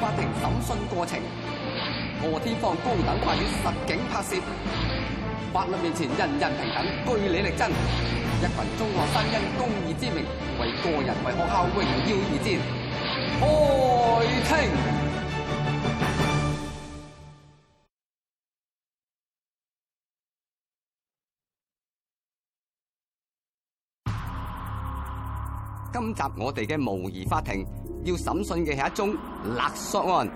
法庭審訊過程，何天放高等法院實景拍攝。法律面前人人平等，據理力爭。一群中學生因公義之名為個人、為學校榮耀而戰。開庭。今集我哋嘅模擬法庭要審訊嘅係一宗勒索案。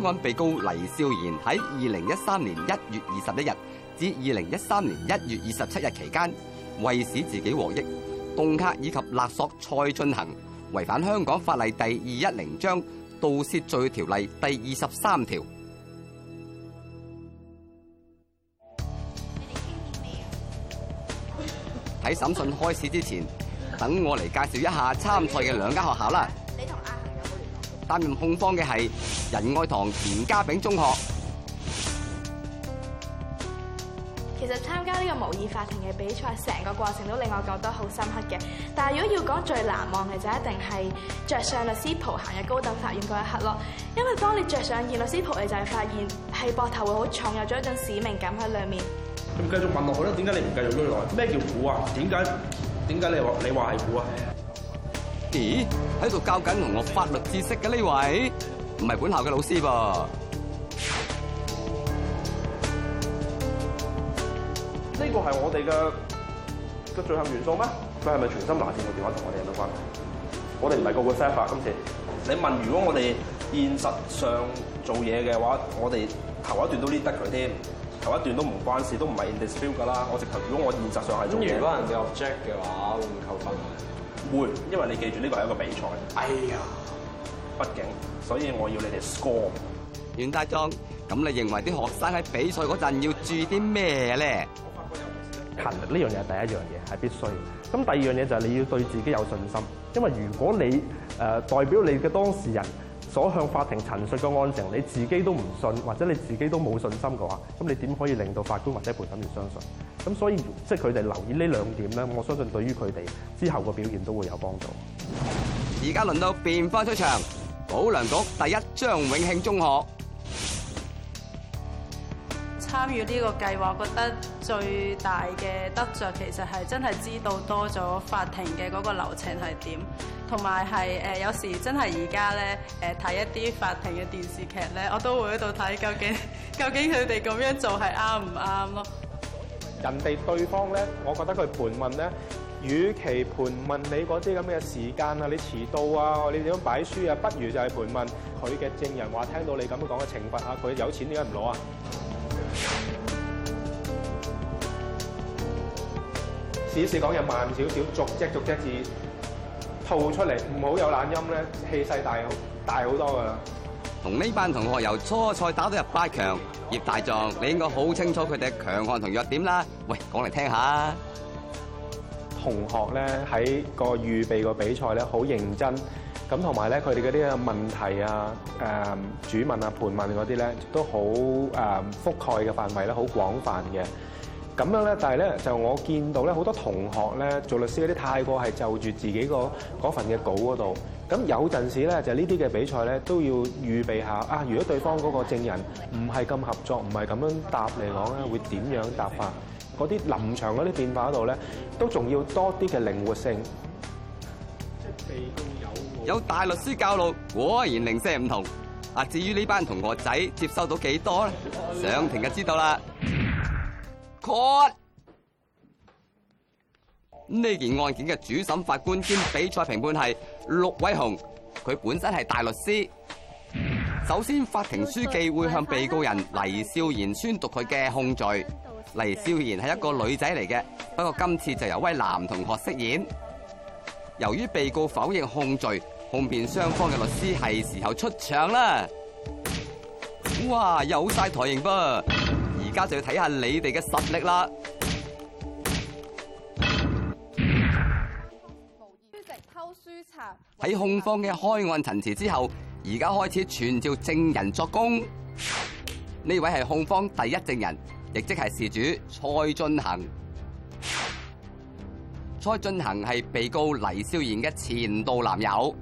本案被告黎少賢喺二零一三年一月二十一日至二零一三年一月二十七日期間，為使自己獲益，恫嚇以及勒索蔡進衡，違反香港法例第二一零章《盜竊罪條例》第二十三條。喺審訊開始之前，等我嚟介紹一下參賽嘅兩間學校啦。擔任控方嘅係仁愛堂田家炳中學。其實參加呢個模擬法庭嘅比賽，成個過程都令我覺得好深刻嘅。但係如果要講最難忘嘅，就一定係着上律師袍行入高等法院嗰一刻咯。因為當你着上件律師袍，你就係發現係膊頭會好重，有咗一種使命感喺裏面。咁繼續問落去咧，點解你唔繼續落去？咩叫估啊？點解？點解你話你話係估啊？咦，喺度教緊同學法律知識嘅呢位，唔係本校嘅老師噃。呢個係我哋嘅嘅最後元素咩？佢係咪全心拿住部電話同我哋有咩關係？我哋唔係個個 self，今次你問，如果我哋現實上做嘢嘅話，我哋頭一段都 lead 得佢添，頭一段都唔關事，都唔係 in dispute 㗎喇。我直頭，如果我現實上係咁，如果人哋 object 嘅話，會唔扣分？會。因為你記住呢個係一個比賽。哎呀，畢竟，所以我要你哋 score。袁大壯，咁你認為啲學生喺比賽嗰陣要注意啲咩咧？勤力呢樣嘢係第一樣嘢，係必須。咁第二樣嘢就係你要對自己有信心，因為如果你誒代表你嘅當事人。所向法庭陳述嘅案情，你自己都唔信，或者你自己都冇信心嘅話，咁你點可以令到法官或者陪審員相信？咁所以即係，佢哋留意呢兩點咧，我相信對於佢哋之後嘅表現都會有幫助。而家輪到辯方出場，保良局第一張永慶中學。參與呢個計劃，覺得最大嘅得着其實係真係知道多咗法庭嘅嗰個流程係點，同埋係誒有時真係而家咧誒睇一啲法庭嘅電視劇咧，我都會喺度睇究竟究竟佢哋咁樣做係啱唔啱咯。人哋對方咧，我覺得佢盤問咧，與其盤問你嗰啲咁嘅時間啊，你遲到啊，你點樣擺書啊，不如就係盤問佢嘅證人話聽到你咁樣講嘅懲罰啊，佢有錢點解唔攞啊？只是講嘢慢少少，逐一隻逐一隻字吐出嚟，唔好有懶音咧，氣勢大好大好多噶啦。同呢班同學由初賽打到入八強，嗯嗯、葉大狀，你應該好清楚佢哋嘅強項同弱點啦。喂，講嚟聽下。同學咧喺個預備個比賽咧好認真，咁同埋咧佢哋嗰啲嘅問題啊、誒主問啊、盤問嗰啲咧都好誒覆蓋嘅範圍咧好廣泛嘅。咁樣咧，但係咧就我見到咧，好多同學咧做律師嗰啲太過係就住自己嗰份嘅稿嗰度。咁有陣時咧，就呢啲嘅比賽咧都要預備下啊！如果對方嗰個證人唔係咁合作，唔係咁樣答嚟講咧，會點樣答法？嗰啲臨場嗰啲變化度咧，都仲要多啲嘅靈活性。有大律師教路，果然零舍唔同。啊，至於呢班同學仔接收到幾多咧？上庭就知道啦。呢 Good. 件案件嘅主審法官兼比賽評判係陸偉雄，佢本身係大律師。首先，法庭書記會向被告人黎少賢宣讀佢嘅控罪。黎少賢係一個女仔嚟嘅，不過今次就由位男同學飾演。由於被告否認控罪，控辯雙方嘅律師係時候出場啦。哇，有晒台型噃！而家就要睇下你哋嘅實力啦！喺控方嘅開案陳詞之後，而家開始傳召證人作供。呢位係控方第一證人，亦即係事主蔡進衡。蔡進衡係被告黎少賢嘅前度男友。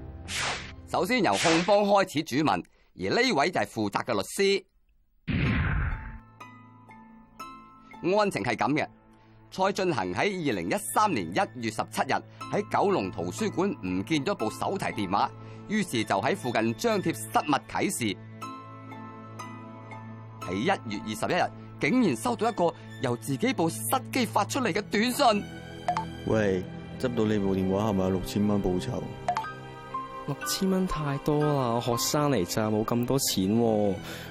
首先由控方開始主問，而呢位就係負責嘅律師。案情係咁嘅，蔡進衡喺二零一三年一月十七日喺九龍圖書館唔見咗部手提電話，於是就喺附近張貼失物啟事。喺一月二十一日，竟然收到一個由自己部失機發出嚟嘅短信，喂，執到你部電話係咪有六千蚊報酬？六千蚊太多啦，學生嚟咋，冇咁多錢，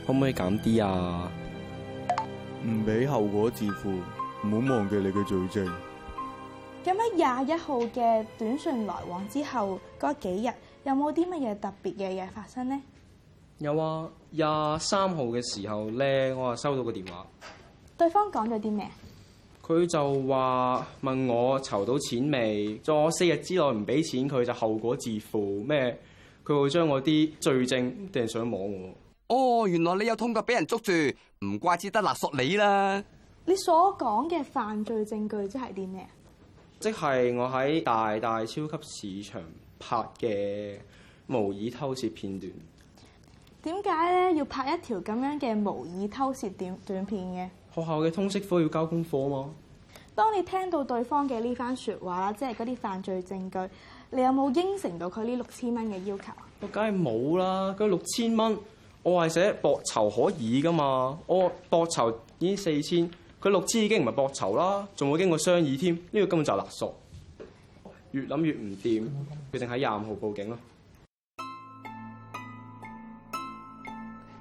可唔可以減啲啊？唔俾後果自負，唔好忘記你嘅罪證。咁喺廿一號嘅短信來往之後，嗰幾日有冇啲乜嘢特別嘅嘢發生呢？有啊，廿三號嘅時候咧，我啊收到個電話，對方講咗啲咩？佢就話問我籌到錢未？在我四日之內唔俾錢，佢就後果自負。咩？佢會將我啲罪證掟上網喎。哦，原來你有痛腳，俾人捉住，唔怪之得勒索你啦。你所講嘅犯罪證據是什麼，即係啲咩啊？即係我喺大大超級市場拍嘅模擬偷竊片段。點解咧要拍一條咁樣嘅模擬偷竊短短片嘅？學校嘅通識科要交功課嘛？當你聽到對方嘅呢番說話，即係嗰啲犯罪證據，你有冇應承到佢呢六千蚊嘅要求啊？我梗係冇啦，佢六千蚊。我話寫博籌可以噶嘛？我博籌已經四千，佢六千已經唔係博籌啦，仲會經過商議添。呢個根本就勒索，越諗越唔掂，決定喺廿五號報警咯。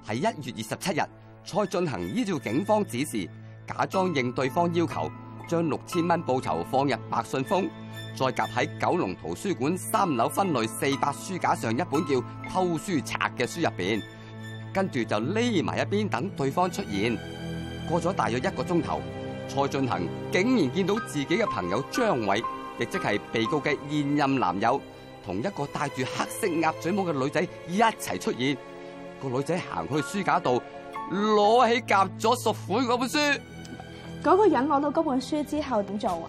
喺一月二十七日，蔡進衡依照警方指示，假裝應對方要求，將六千蚊報酬放入白信封，再夾喺九龍圖書館三樓分類四百書架上一本叫《偷書賊》嘅書入邊。跟住就匿埋一邊等對方出現。過咗大約一個鐘頭，蔡進衡竟然見到自己嘅朋友張偉，亦即係被告嘅現任男友，同一個戴住黑色鴨嘴帽嘅女仔一齊出現。個女仔行去書架度，攞起夾咗贖款嗰本書。嗰個人攞到嗰本書之後點做啊？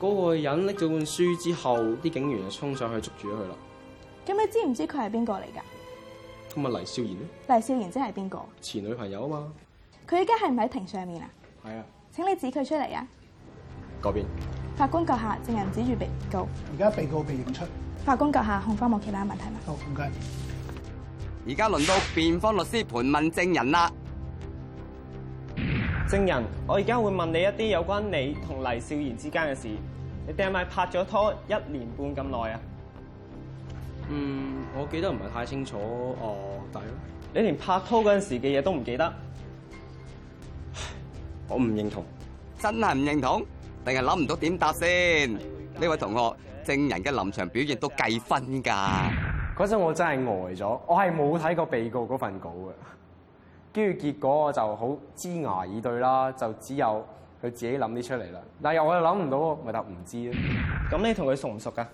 嗰個人拎咗本書之後，啲警員就衝上去捉住佢啦。咁你知唔知佢係邊個嚟噶？咁啊黎少賢咧？黎少賢即係邊個？前女朋友啊嘛。佢而家係唔喺庭上面啊？係啊。請你指佢出嚟啊！嗰邊邊。法官閣下，證人指住被告。而家被告被認出。法官閣下，控方冇其他問題嗎？好，唔該。而家輪到辯方律師盤問證人啦。證人，我而家會問你一啲有關你同黎少賢之間嘅事。你哋係咪拍咗拖一年半咁耐啊？嗯，我記得唔係太清楚哦，大哥。你連拍拖嗰陣時嘅嘢都唔記得，我唔認同，真係唔認同，定係諗唔到點答先？呢位同學，證人嘅臨場表現都計分噶。嗰陣我真係呆咗，我係冇睇過被告嗰份稿嘅，跟住結果我就好支牙以對啦，就只有佢自己諗啲出嚟啦。但係我又諗唔到，咪答唔知啊。咁你同佢熟唔熟噶？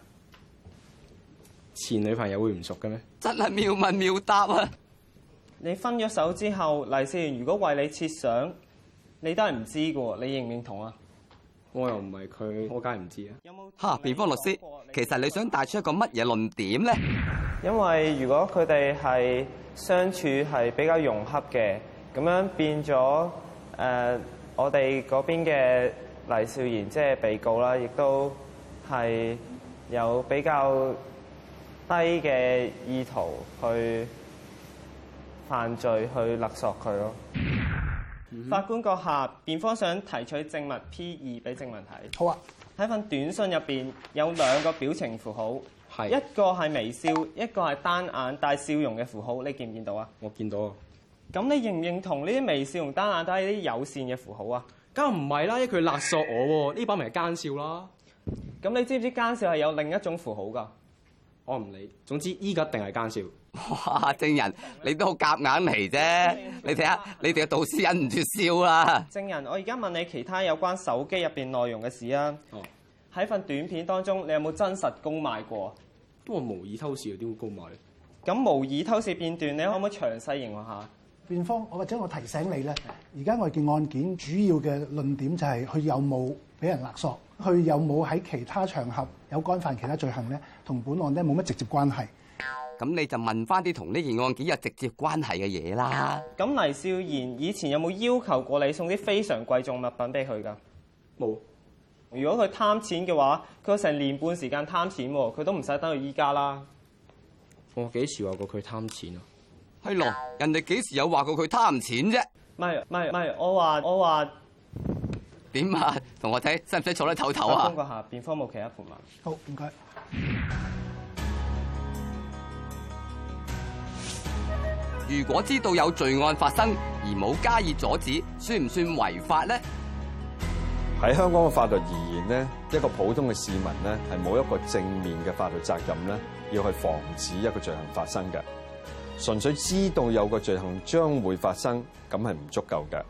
前女朋友會唔熟嘅咩？真係妙問妙答啊！你分咗手之後，黎少賢如果為你設想，你都係唔知嘅喎。你認唔認同啊？又不是他我又唔係佢，我梗係唔知啊。有冇嚇？辯方律師，其實你想帶出一個乜嘢論點咧？因為如果佢哋係相處係比較融洽嘅，咁樣變咗誒、呃，我哋嗰邊嘅黎少賢即係被告啦，亦都係有比較。低嘅意圖去犯罪，去勒索佢咯、嗯哼。法官閣下，辯方想提取證物 P 二俾證人睇。好啊，喺份短信入邊有兩個表情符號，是一個係微笑，一個係單眼帶笑容嘅符號。你見唔見到啊？我見到。啊。咁你認唔認同呢啲微笑同單眼都係啲友善嘅符號啊？梗唔係啦，因為佢勒索我喎、啊，呢把咪係奸笑啦。咁你知唔知道奸笑係有另一種符號㗎？我唔理，總之依家一定係奸笑。哇！證人，你都好夾硬嚟啫。你睇下，你哋嘅導師忍唔住笑啦。證人，我而家問你其他有關手機入邊內容嘅事啊。哦。喺份短片當中，你有冇真實公賣過？都話模擬偷攝嘅，又點會公賣？咁模擬偷攝片段，你可唔可以詳細形容下？辯方，我或者我提醒你咧，而家我哋件案件主要嘅論點就係佢有冇俾人勒索，佢有冇喺其他場合有干犯其他罪行咧？同本案咧冇乜直接關係。咁你就問翻啲同呢件案件有直接關係嘅嘢啦。咁、啊、黎少賢以前有冇要求過你送啲非常貴重物品俾佢噶？冇有。如果佢貪錢嘅話，佢成年半時間貪錢，佢都唔使等到依家啦、啊。我幾時話過佢貪錢啊？係咯，人哋幾時有話過佢貪錢啫？唔係唔係唔係，我話我話。點啊，同我睇，使唔使坐得唞唞啊？香港下邊科冇其他盤問。好，唔該。如果知道有罪案發生而冇加以阻止，算唔算違法咧？喺香港嘅法律而言咧，一個普通嘅市民咧，係冇一個正面嘅法律責任咧，要去防止一個罪行發生嘅。純粹知道有個罪行將會發生，咁係唔足夠嘅。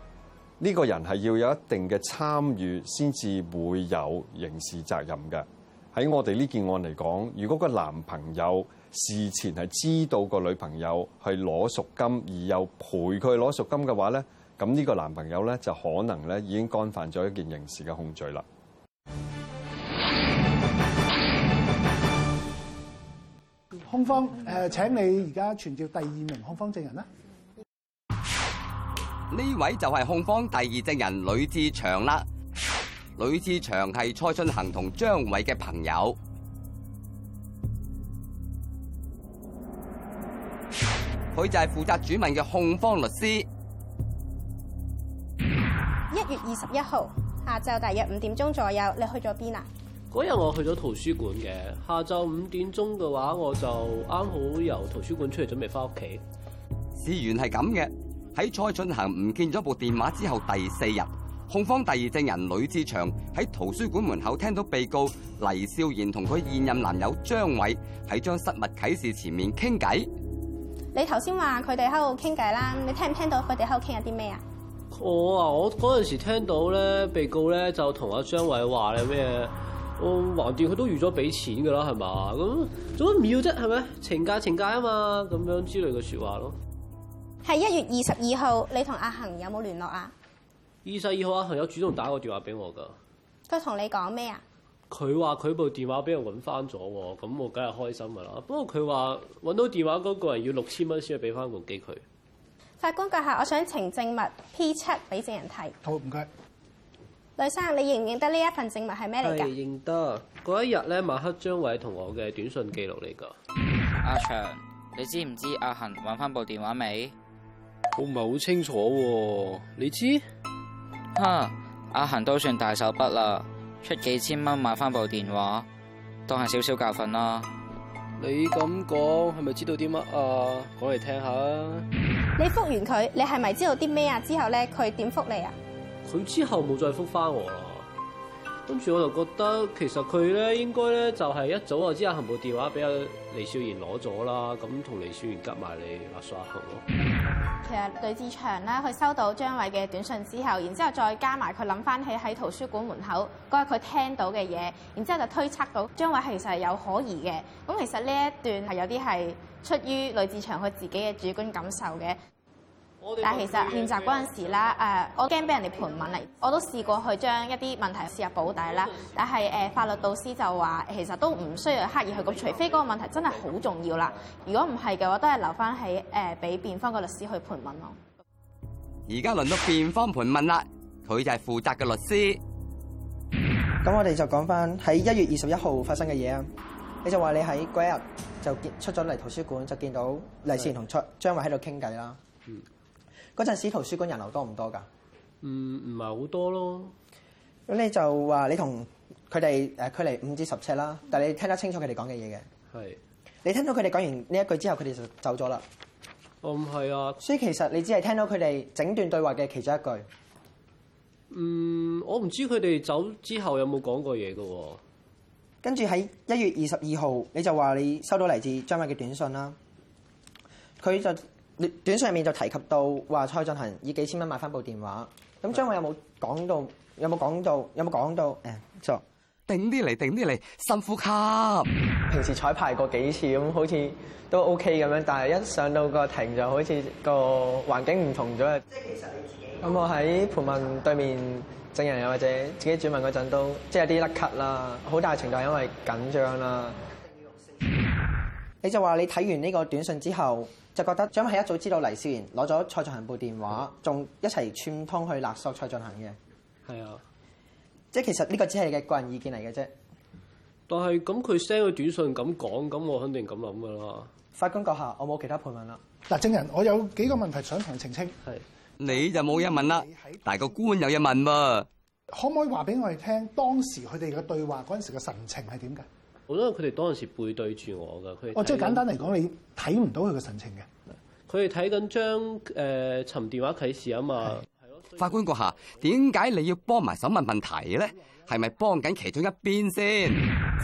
呢個人係要有一定嘅參與，先至會有刑事責任嘅。喺我哋呢件案嚟講，如果個男朋友事前係知道個女朋友係攞贖金，而又陪佢攞贖金嘅話呢，咁呢個男朋友呢，就可能咧已經干犯咗一件刑事嘅控罪啦。控方誒，呃，請你而家傳召第二名控方證人啦。呢位就係控方第二證人呂志祥啦，呂志祥係蔡進衡同張偉嘅朋友，佢就係負責主問嘅控方律師。一月二十一號下晝大約五點鐘左右，你去咗邊啊？嗰日我去咗圖書館嘅，下晝五點鐘嘅話，我就啱好由圖書館出嚟準備翻屋企。事緣係咁嘅。喺蔡進衡唔見咗部電話之後第四日，控方第二證人呂志祥喺圖書館門口聽到被告黎少賢同佢現任男友張偉喺張失物啟事前面傾偈。你頭先話佢哋喺度傾偈啦，你聽唔聽到佢哋喺度傾下啲咩啊？我啊，我嗰陣時候聽到咧，被告咧就同阿張偉話你咩，我橫掂佢都預咗俾錢噶啦，係嘛？咁做乜唔要啫？係咪情價情價啊嘛？咁樣之類嘅說話咯。係一月二十二號，你同阿恒有冇聯絡啊？二十二號阿恒有主動打個電話俾我噶。佢同你講咩啊？佢話佢部電話俾人搵翻咗，咁我梗係開心噶啦。不過佢話搵到電話嗰個人要六千蚊先至俾翻部機佢。法官閣下，我想呈證物 P 七俾證人睇。好，唔該。女生，你認唔認得呢一份證物係咩嚟噶？誒，認得。嗰一日咧晚黑張偉同我嘅短信記錄嚟噶。阿祥，你知唔知道阿恒搵翻部電話未？我唔係好清楚喎，你知？吓，阿衡都算大手筆啦，出幾千蚊買翻部電話，當係少少教訓啦。你咁講係咪知道啲乜啊？講嚟聽下。你復完佢，你係咪知道啲咩啊？之後咧，佢點復你啊？佢之後冇再復翻我啦，跟住我就覺得其實佢咧應該咧就係一早就知阿衡部電話俾阿黎少賢攞咗啦，咁同黎少賢夾埋嚟阿叔阿衡咯。呂志祥啦，佢收到張偉嘅短信之後，然之後再加埋佢諗翻起喺圖書館門口嗰日佢聽到嘅嘢，然之後就推測到張偉其實係有可疑嘅。咁其實呢一段係有啲係出於呂志祥佢自己嘅主觀感受嘅。但係其實應答嗰陣時啦，我驚俾人哋盤問嚟，我都試過去將一啲問題試入保底啦。但係誒，法律導師就話，其實都唔需要刻意去講，除非嗰、嗰個問題真係好重要啦。如果唔係嘅話，都係留翻喺誒俾辯方個律師去盤問咯。而家輪到辯方盤問啦，佢就係負責嘅律師。咁我哋就講翻喺一月二十一號發生嘅嘢啊。你就話你喺嗰日就見出咗嚟圖書館，就見到黎倩同張偉喺度傾偈啦。嗯嗰陣時圖書館人流多唔多㗎？唔，唔係好多咯。咁你就話你同佢哋誒距離五至十尺啦，但係你聽得清楚佢哋講嘅嘢嘅。係。你聽到佢哋講完呢一句之後，佢哋就走咗啦。唔係、嗯、啊。所以其實你只係聽到佢哋整段對話嘅其中一句。嗯，我唔知佢哋走之後有冇講過嘢㗎喎。跟住喺一月二十二號，你就話你收到嚟自張偉嘅短信啦。佢就。短訊入面就提及到話蔡進衡以幾千蚊買翻部電話，咁張偉有冇講到，的到？有冇講到？有冇講到？誒，坐，頂啲嚟，頂啲嚟，深呼吸。平時彩排過幾次咁，好似都 OK 咁樣，但係一上到個庭就好似個環境唔同咗。即係其實你自己。咁我喺盤問對面證人又或者自己轉問嗰陣都，即係有啲甩咳啦，好大程度係因為緊張啦。你就話你睇完呢個短信之後，就覺得張偉一早知道黎少賢攞咗蔡進衡部電話，仲一齊串通去勒索蔡進衡嘅。係啊，即係其實呢個只係你嘅個人意見嚟嘅啫。但係咁佢 send 個短信咁講，咁我肯定咁諗㗎啦。法官閣下，我冇其他盤問啦。嗱，證人，我有幾個問題想同澄清。係，你就冇嘢問啦，你但係個官有嘢問噃。可唔可以話俾我哋聽當時佢哋嘅對話嗰陣時嘅神情係點㗎？好多佢哋嗰陣時背對住我噶，佢，哦，即係簡單嚟講，你睇唔到佢個神情嘅。佢哋睇緊張誒、呃、尋電話啟示啊嘛。係咯，法官閣下，點解你要幫埋手問問題咧？係咪幫緊其中一邊先？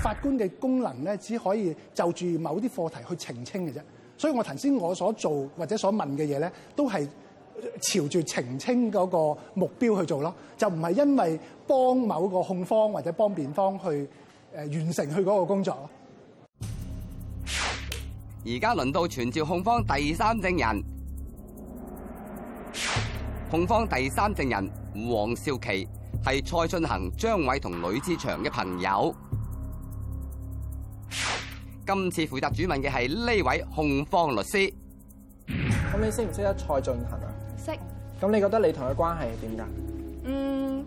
法官嘅功能咧，只可以就住某啲課題去澄清嘅啫。所以我頭先我所做或者所問嘅嘢咧，都係朝住澄清嗰個目標去做咯，就唔係因為幫某個控方或者幫辯方去。誒，完成佢嗰個工作咯。而家輪到傳召控方第三證人，控方第三證人黃少琪係蔡進衡、張偉同呂志祥嘅朋友。今次負責主問嘅係呢位控方律師。咁你識唔識得蔡進衡啊？識懂。咁你覺得你同佢關係點㗎？嗯，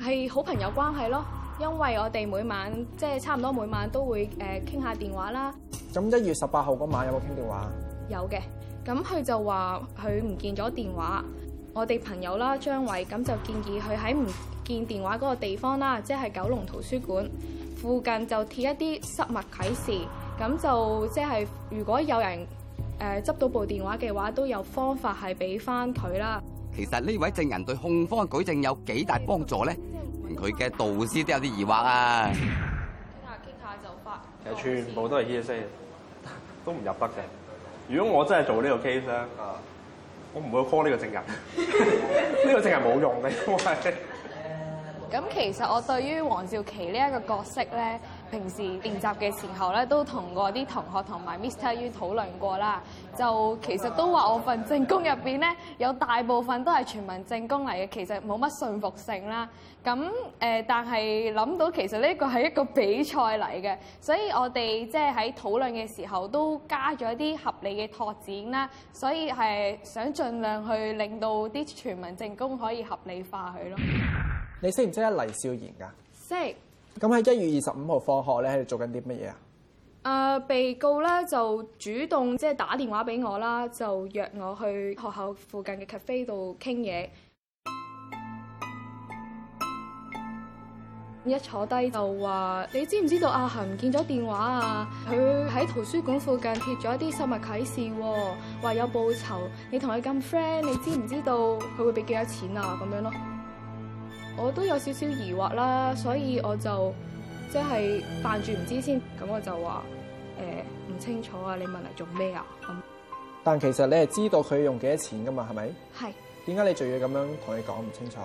係好朋友關係咯。因為我哋每晚即係、就是、差唔多每晚都會傾、呃、下電話啦。咁一月十八號嗰晚有冇傾電話？有嘅，咁佢就話佢唔見咗電話。我哋朋友啦張偉，咁就建議佢喺唔見電話嗰個地方啦，即、就、係、是、九龍圖書館附近就貼一啲失物啟事。咁就即係、就是、如果有人誒執、呃、到部電話嘅話，都有方法係俾返佢啦。其實呢位證人對控方嘅舉證有幾大幫助咧？佢嘅導師都有啲疑惑啊！傾下傾下就翻，其實全部都係 hearsay 都唔入得嘅。如果我真係做呢個 case 咧，我唔會 call 呢個證人，呢 個證人冇用嘅，因為咁其實我對於黃兆琪呢一個角色咧。平時練習嘅時候咧，都同我啲同學同埋 Mr. U 討論過啦。就其實都話我份證供入邊咧，有大部分都係傳聞證供嚟嘅，其實冇乜信服性啦。咁誒、呃，但係諗到其實呢個係一個比賽嚟嘅，所以我哋即係喺討論嘅時候都加咗啲合理嘅拓展啦。所以係想盡量去令到啲傳聞證供可以合理化佢咯。你識唔識阿黎少賢噶、啊？識。咁喺一月二十五號放學咧，喺度做緊啲乜嘢啊？Uh, 被告咧就主動即係、就是、打電話俾我啦，就約我去學校附近嘅 cafe 度傾嘢。 一坐低就話：你知唔知道阿恆唔見咗電話啊？佢喺圖書館附近貼咗一啲失物啟事喎、啊，話有報酬。你同佢咁 friend，你知唔知道佢會俾幾多錢啊？咁樣咯。我都有少少疑惑啦，所以我就即係扮住唔知先，咁我就話誒唔清楚啊，你問嚟做咩啊？咁但其實你係知道佢用幾多錢噶嘛，係咪？係。點解你仲要咁樣同你講唔清楚？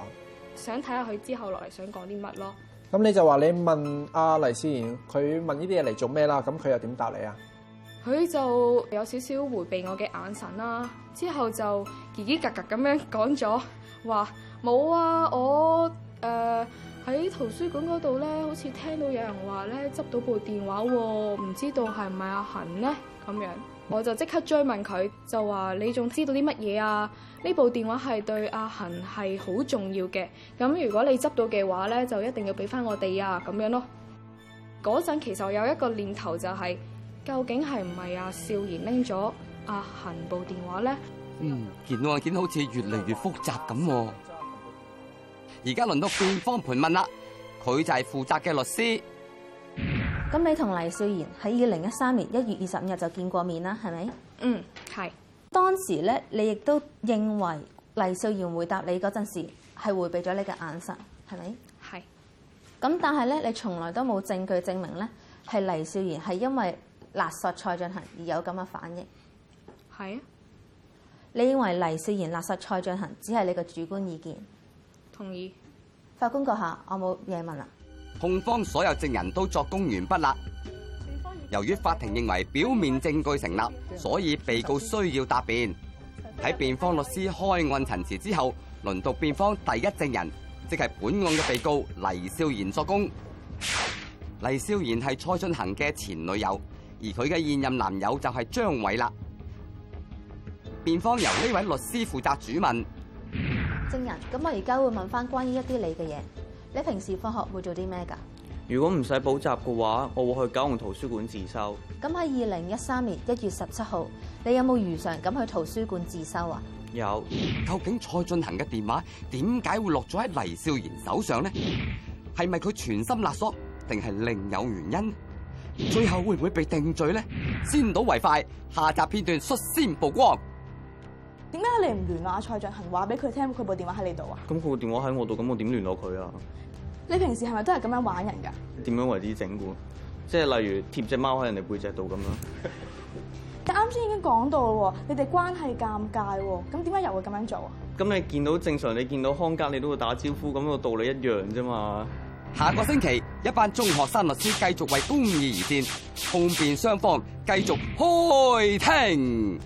想睇下佢之後落嚟想講啲乜咯。咁你就話你問阿黎少賢，佢問呢啲嘢嚟做咩啦？咁佢又點答你啊？佢就有少少回避我嘅眼神啦、啊，之後就結結格格咁樣講咗，話冇啊，我。誒，喺、uh, 圖書館嗰度咧，好似聽到有人話咧執到部電話，唔知道係唔係阿恒咧咁樣，我就即刻追問佢，就話你仲知道啲乜嘢啊？呢部電話係對阿恒係好重要嘅，咁如果你執到嘅話咧，就一定要俾翻我哋啊，咁樣咯。嗰陣其實我有一個念頭就係、是，究竟係唔係阿少賢拎咗阿恒部電話咧？嗯，件案件好似越嚟越複雜咁、啊。而家輪到辯方盤問啦，佢就係負責嘅律師。咁你同黎少賢喺二零一三年一月二十五日就見過面啦，係咪？嗯，係。當時咧，你亦都認為黎少賢回答你嗰陣時係回避咗你嘅眼神，係咪？係是。咁但係咧，你從來都冇證據證明咧係黎少賢係因為勒索蔡進衡而有咁嘅反應。係啊是。你認為黎少賢勒索蔡進衡只係你嘅主觀意見？同意，法官閣下，我冇嘢問啦。控方所有證人都作供完畢啦。辯方由於法庭認為表面證據成立，所以被告需要答辯。喺辯方律師開案陳詞之後，輪到辯方第一證人，即係本案嘅被告黎少賢作供。黎少賢係蔡進衡嘅前女友，而佢嘅現任男友就係張偉啦。辯方由呢位律師負責主問。咁我而家會問翻關於一啲你嘅嘢，你平時放學會做啲咩噶？如果唔使補習嘅話，我會去九龍圖書館自修。咁喺二零一三年一月十七號，你有冇如常咁去圖書館自修啊？有。究竟蔡進衡嘅電話點解會落咗喺黎少賢手上呢？係咪佢全心勒索，定係另有原因？最後會唔會被定罪呢？先睹為快，下集片段率先曝光。點解你唔聯絡阿蔡進衡話俾佢聽，佢部電話喺你度啊？咁佢部電話喺我度，咁我點聯絡佢啊？你平時係咪都係咁樣玩人㗎？點樣為之整蠱？即係例如貼隻貓喺人哋背脊度咁樣。 但啱先已經講到啦，你哋關係尷尬喎，咁點解又會咁樣做啊？咁你見到正常，你見到康家，你都會打招呼，咁、那個道理一樣啫嘛。下個星期，一班中學生律師繼續為公義而戰，控辯雙方繼續開庭。